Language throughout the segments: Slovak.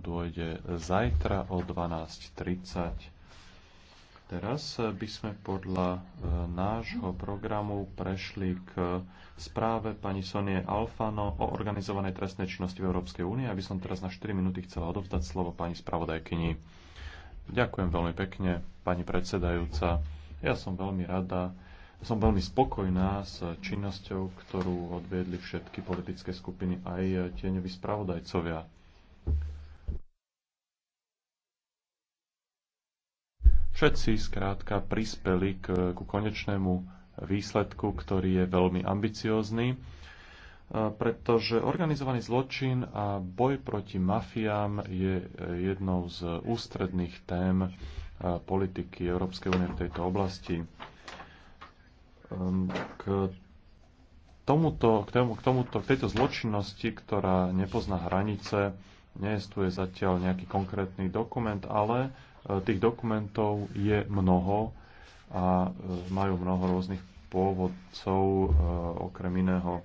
dôjde zajtra o 12.30. Teraz by sme podľa e, nášho programu prešli k správe pani Sonie Alfano o organizovanej trestnej činnosti v Európskej únie. Aby som teraz na 4 minúty chcela odovzdať slovo pani spravodajkyni. Ďakujem veľmi pekne, pani predsedajúca. Ja som veľmi rada, som veľmi spokojná s činnosťou, ktorú odviedli všetky politické skupiny, aj tieňoví spravodajcovia. všetci skrátka prispeli k, ku konečnému výsledku, ktorý je veľmi ambiciózny, e, pretože organizovaný zločin a boj proti mafiám je e, jednou z ústredných tém e, politiky Európskej únie v tejto oblasti. K tomuto, k, tomu, k, tomuto, k tejto zločinnosti, ktorá nepozná hranice, nie je zatiaľ nejaký konkrétny dokument, ale Eh, tých dokumentov je mnoho a eh, majú mnoho rôznych pôvodcov, eh, okrem iného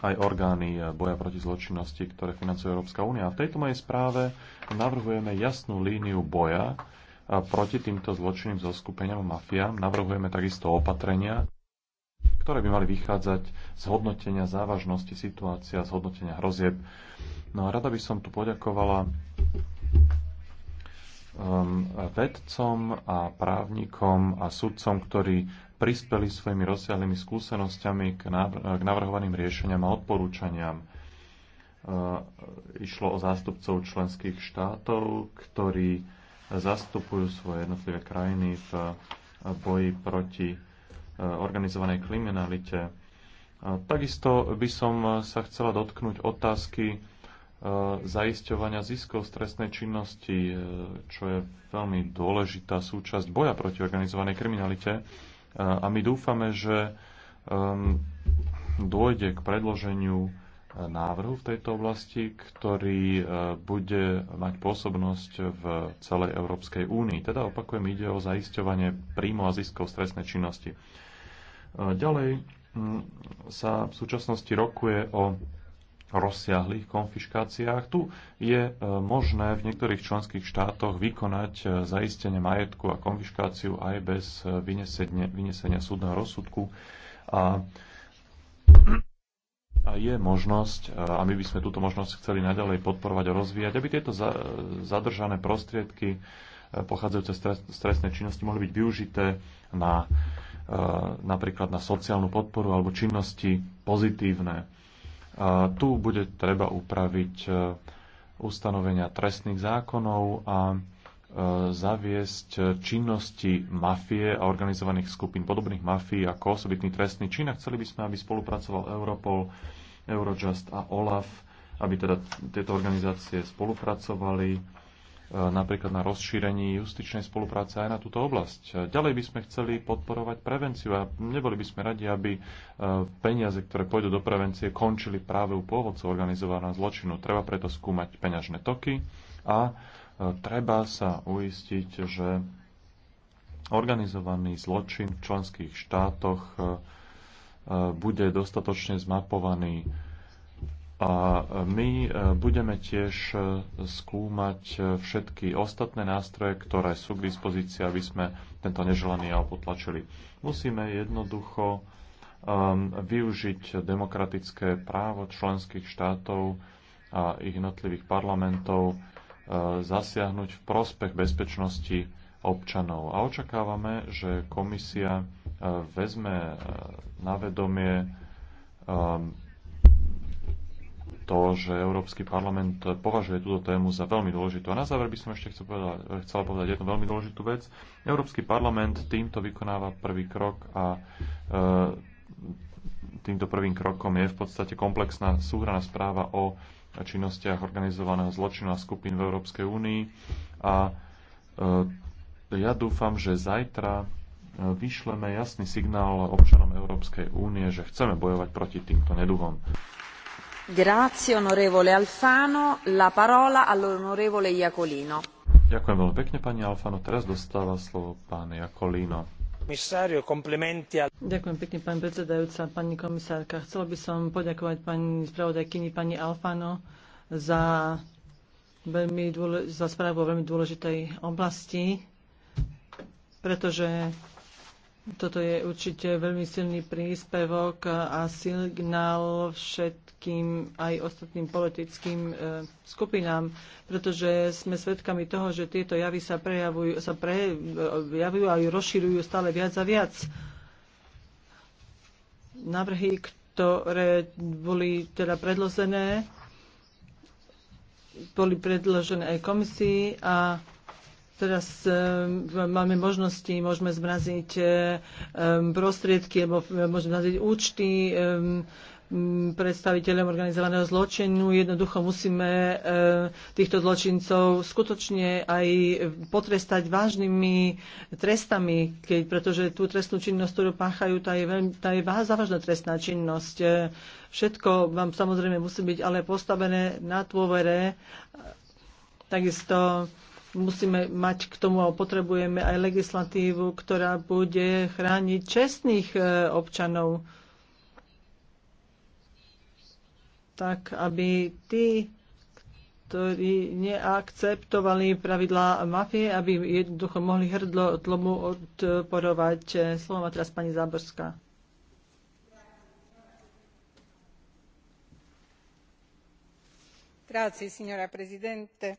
aj orgány boja proti zločinnosti, ktoré financuje Európska únia. v tejto mojej správe navrhujeme jasnú líniu boja proti týmto zločinným zoskupeniam a mafiám. Navrhujeme takisto opatrenia, ktoré by mali vychádzať z hodnotenia závažnosti situácia, z hodnotenia hrozieb. No a rada by som tu poďakovala Um, vedcom a právnikom a sudcom, ktorí prispeli svojimi rozsiahlymi skúsenosťami k, navrhovaným riešeniam a odporúčaniam. Uh, išlo o zástupcov členských štátov, ktorí zastupujú svoje jednotlivé krajiny v uh, boji proti uh, organizovanej kriminalite. Takisto by som sa chcela dotknúť otázky E, zaisťovania ziskov stresnej činnosti, e, čo je veľmi dôležitá súčasť boja proti organizovanej kriminalite. E, a my dúfame, že dôjde k predloženiu návrhu v tejto oblasti, ktorý bude mať pôsobnosť v celej Európskej únii. Teda opakujem, ide o zaisťovanie príjmu a ziskov stresnej činnosti. Ďalej sa v súčasnosti rokuje o rozsiahlých konfiškáciách. Tu je e, možné v niektorých členských štátoch vykonať e, zaistenie majetku a konfiškáciu aj bez e, vynesenia, vynesenia súdneho rozsudku. A a je možnosť, a my by sme túto možnosť chceli naďalej podporovať a rozvíjať, aby tieto za, zadržané prostriedky pochádzajúce z trestnej činnosti mohli byť využité na napríklad na sociálnu podporu alebo činnosti pozitívne tu bude treba upraviť e, ustanovenia trestných zákonov a e, zaviesť činnosti mafie a organizovaných skupín podobných mafií ako osobitný trestný čin a chceli by sme, aby spolupracoval Europol, Eurojust a OLAF, aby teda tieto organizácie spolupracovali Eh, napríklad na rozšírení justičnej spolupráce aj na túto oblasť. Ďalej by sme chceli podporovať prevenciu a neboli by sme radi, aby eh, peniaze, ktoré pôjdu do prevencie, končili práve u pôvodcov organizovaného zločinu. Treba preto skúmať peňažné toky a eh, treba sa uistiť, že organizovaný zločin v členských štátoch bude dostatočne zmapovaný a my e, budeme tiež e, skúmať e, všetky ostatné nástroje, ktoré sú k dispozícii, aby sme tento neželaný jav potlačili. Musíme jednoducho využiť demokratické právo členských štátov a ich jednotlivých parlamentov zasiahnuť v prospech bezpečnosti občanov. A očakávame, že komisia vezme na vedomie to, že Európsky parlament považuje túto tému za veľmi dôležitú. A na záver by som ešte chcel povedať, chcel povedať jednu veľmi dôležitú vec. Európsky parlament týmto vykonáva prvý krok a e, týmto prvým krokom je v podstate komplexná súhraná správa o činnostiach organizovaného zločinu a skupín v Európskej únii. A e, ja dúfam, že zajtra e, vyšleme jasný signál občanom Európskej únie, že chceme bojovať proti týmto neduhom. Ďakujem veľmi pekne, pani Alfano. Teraz dostáva slovo pán Iacolino. Ďakujem pekne, pani predsedajúca, pani komisárka. Chcela by som poďakovať pani spravodajkyni, pani Alfano, za, veľmi dôle, za správu o veľmi dôležitej oblasti, pretože toto je určite veľmi silný príspevok a signál všetkým aj ostatným politickým e, skupinám, pretože sme svedkami toho, že tieto javy sa prejavujú, sa prejavujú e, a rozširujú stále viac a viac. Navrhy, ktoré boli teda predložené, boli predložené aj komisii a teraz eh, máme možnosti, môžeme zmraziť eh, prostriedky, alebo eh, môžeme zmraziť účty predstaviteľom organizovaného zločinu. Jednoducho musíme týchto zločincov skutočne aj potrestať vážnymi trestami, keď, pretože tú trestnú činnosť, ktorú páchajú, tá je, veľmi, tá je závažná trestná činnosť. Všetko vám samozrejme musí byť ale postavené na dôvere. Takisto musíme mať k tomu a potrebujeme aj legislatívu, ktorá bude chrániť čestných e, občanov, tak aby tí, ktorí neakceptovali pravidlá mafie, aby jednoducho mohli hrdlo tlomu odporovať. E, slovo má teraz pani Záborská. Grazie, signora Presidente.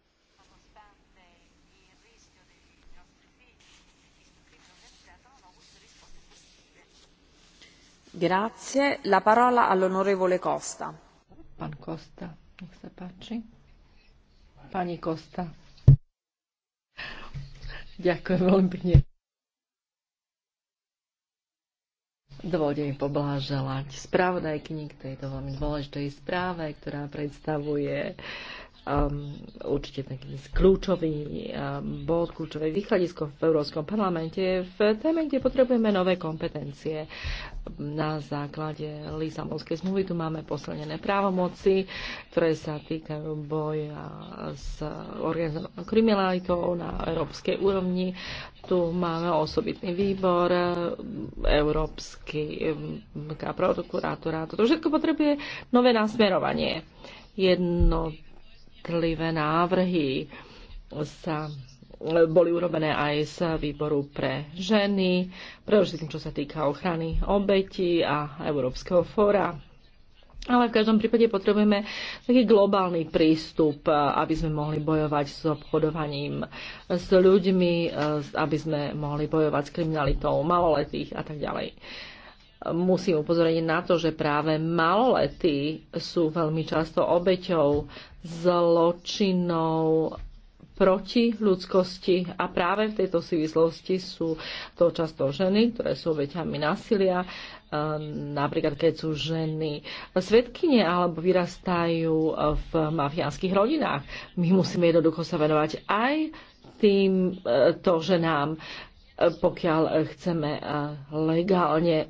Grazie. La nech sa páči. Pani Costa. Ďakujem veľmi pekne. Dovolte mi pobláželať spravodajkyni k tejto veľmi dôležitej správe, ktorá predstavuje um, určite taký kľúčový um, bod, kľúčové východisko v Európskom parlamente v téme, kde potrebujeme nové kompetencie. Na základe Lisabonskej zmluvy tu máme posilnené právomoci, ktoré sa týkajú boja s organizovanou kriminalitou na európskej úrovni. Tu máme osobitný výbor, európsky um, prokurátora. Toto všetko potrebuje nové nasmerovanie. Jedno jednotlivé návrhy sa boli urobené aj z výboru pre ženy, predovšetkým čo sa týka ochrany obetí a Európskeho fóra. Ale v každom prípade potrebujeme taký globálny prístup, aby sme mohli bojovať s obchodovaním s ľuďmi, aby sme mohli bojovať s kriminalitou maloletých a tak ďalej musím upozorniť na to, že práve maloletí sú veľmi často obeťou zločinov proti ľudskosti a práve v tejto súvislosti sú to často ženy, ktoré sú obeťami násilia, e, napríklad keď sú ženy svetkine alebo vyrastajú v mafiánskych rodinách. My musíme jednoducho sa venovať aj týmto e, ženám, e, pokiaľ chceme legálne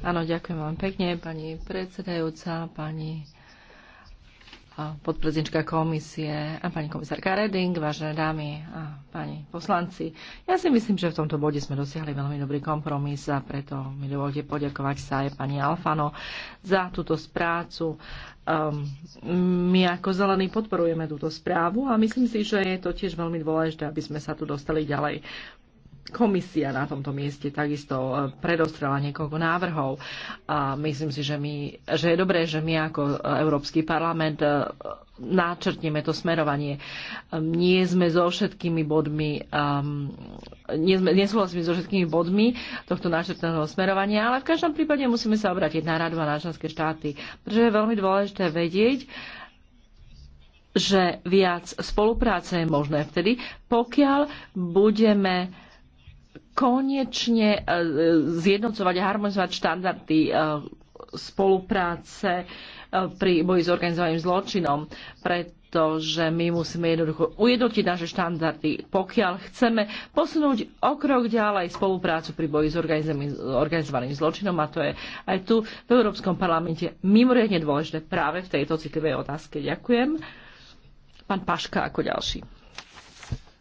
Áno, ďakujem vám pekne, pani predsedajúca, pani podpredsednička komisie a pani komisárka Reding, vážené dámy a pani poslanci. Ja si myslím, že v tomto bode sme dosiahli veľmi dobrý kompromis a preto mi dovolte poďakovať sa aj pani Alfano za túto sprácu. Um, my ako zelení podporujeme túto správu a myslím si, že je to tiež veľmi dôležité, aby sme sa tu dostali ďalej. Komisia na tomto mieste takisto e, predostrela niekoľko návrhov a myslím si, že, my, že je dobré, že my ako e, Európsky parlament e, náčrtneme to smerovanie. Ehm, nie sme so všetkými bodmi, um, nie sme, nesúhlasíme so všetkými bodmi tohto náčrtného smerovania, ale v každom prípade musíme sa obrátiť na radu a na členské štáty, pretože je veľmi dôležité vedieť, že viac spolupráce je možné vtedy, pokiaľ budeme konečne e, zjednocovať a harmonizovať štandardy e, spolupráce e, pri boji s organizovaným zločinom, pretože my musíme jednoducho ujednotiť naše štandardy, pokiaľ chceme posunúť o krok ďalej spoluprácu pri boji s organizovaným zločinom a to je aj tu v Európskom parlamente mimoriadne dôležité práve v tejto citlivej otázke. Ďakujem. Pán Paška ako ďalší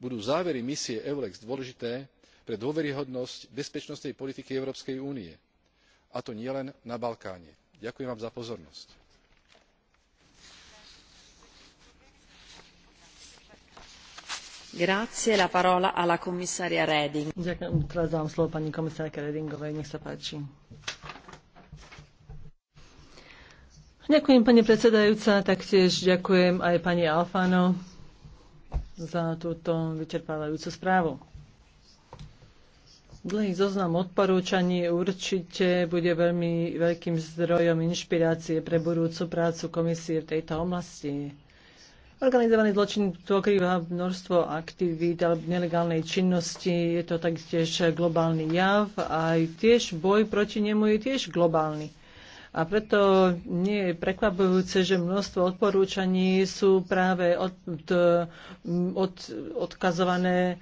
budú závery misie eulex dôležité pre dôveryhodnosť bezpečnostnej politiky európskej únie a to nielen na balkáne. ďakujem vám za pozornosť. Ďakujem, pani predsedajúca, taktiež ďakujem aj pani Alfano za túto vyčerpávajúcu správu. Dlhý zoznam odporúčaní určite bude veľmi veľkým zdrojom inšpirácie pre budúcu prácu komisie v tejto oblasti. Organizovaný zločin okrýva množstvo aktivít alebo nelegálnej činnosti. Je to taktiež globálny jav a aj tiež boj proti nemu je tiež globálny. A preto nie je prekvapujúce, že množstvo odporúčaní sú práve od, od, od, odkazované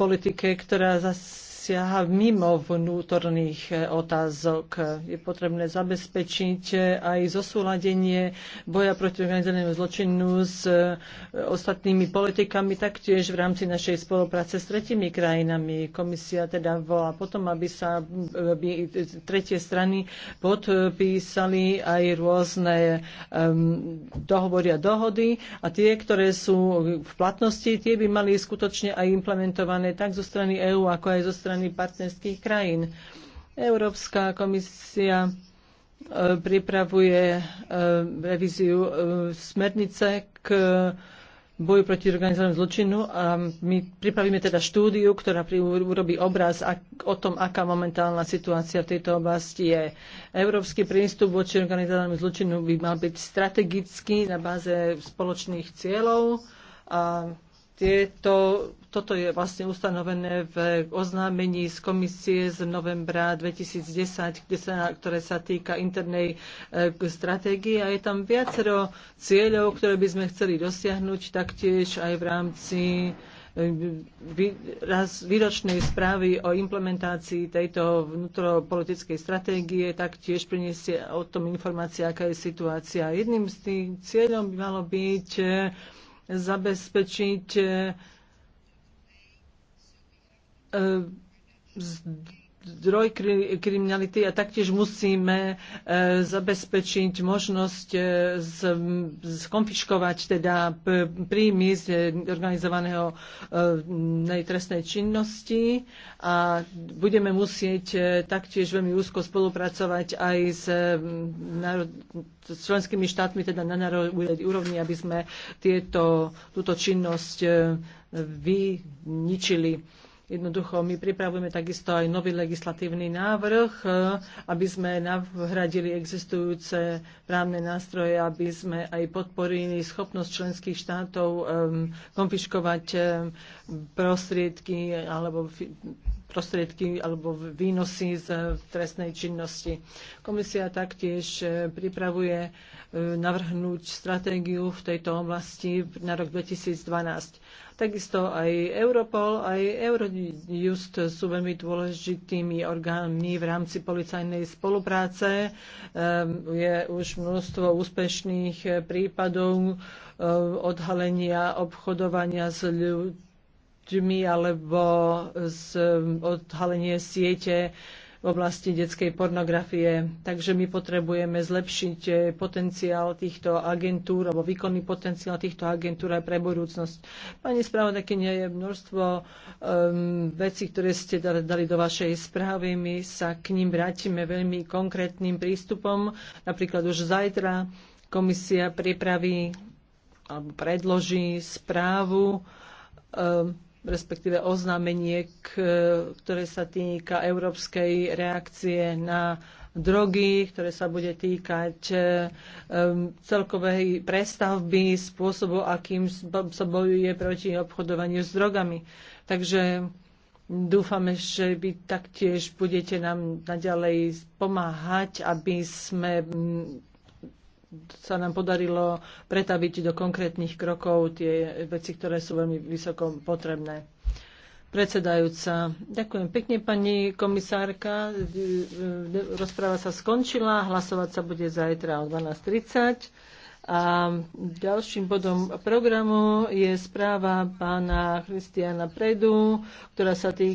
politike, ktorá zase siaha mimo vnútorných e, otázok. Je potrebné zabezpečiť e, aj zosúladenie boja proti organizovanému zločinu s e, ostatnými politikami, taktiež v rámci našej spolupráce s tretimi krajinami. Komisia teda volá potom, aby sa aby tretie strany podpísali aj rôzne um, dohovory a dohody a tie, ktoré sú v platnosti, tie by mali skutočne aj implementované tak zo strany EÚ, ako aj zo strany strany partnerských krajín. Európska komisia e, pripravuje e, revíziu e, smernice k boju proti organizovanému zločinu a my pripravíme teda štúdiu, ktorá urobí obraz o tom, aká momentálna situácia v tejto oblasti je. Európsky prístup voči organizovanému zločinu by mal byť strategický na báze spoločných cieľov a tieto, toto je vlastne ustanovené v oznámení z komisie z novembra 2010, kde sa, ktoré sa týka internej e, stratégie a je tam viacero cieľov, ktoré by sme chceli dosiahnuť taktiež aj v rámci e, výročnej správy o implementácii tejto vnútropolitickej stratégie taktiež priniesie o tom informácia, aká je situácia. Jedným z tých cieľom by malo byť e, zabezpečiť eh, zdroj kriminality a taktiež musíme e, zabezpečiť možnosť skonfiškovať e, teda príjmy z organizovaného e, trestnej činnosti a budeme musieť taktiež veľmi úzko spolupracovať aj s, s členskými štátmi teda na národnej úrovni, aby sme tieto, túto činnosť vyničili. Jednoducho, my pripravujeme takisto aj nový legislatívny návrh, e, aby sme nahradili existujúce právne nástroje, aby sme aj podporili schopnosť členských štátov e, konfiškovať e, prostriedky alebo prostriedky alebo výnosy z eh, trestnej činnosti. Komisia taktiež eh, pripravuje eh, navrhnúť stratégiu v tejto oblasti na rok 2012. Takisto aj Europol, aj Eurojust sú veľmi dôležitými orgánmi v rámci policajnej spolupráce. Ehm, je už množstvo úspešných prípadov odhalenia obchodovania s ľuďmi deťmi alebo z odhalenie siete v oblasti detskej pornografie. Takže my potrebujeme zlepšiť eh, potenciál týchto agentúr alebo výkonný potenciál týchto agentúr aj pre budúcnosť. Pani nie je množstvo um, vecí, ktoré ste dali do vašej správy. My sa k ním vrátime veľmi konkrétnym prístupom. Napríklad už zajtra komisia pripraví alebo predloží správu um, respektíve oznámenie, ktoré sa týka európskej reakcie na drogy, ktoré sa bude týkať e, celkovej prestavby, spôsobu, akým sa bojuje proti obchodovaniu s drogami. Takže dúfame, že vy taktiež budete nám naďalej pomáhať, aby sme sa nám podarilo pretaviť do konkrétnych krokov tie veci, ktoré sú veľmi vysoko potrebné. Predsedajúca. Ďakujem pekne, pani komisárka. Rozpráva sa skončila, hlasovať sa bude zajtra o 12.30. A ďalším bodom programu je správa pána Christiana Predu, ktorá sa týka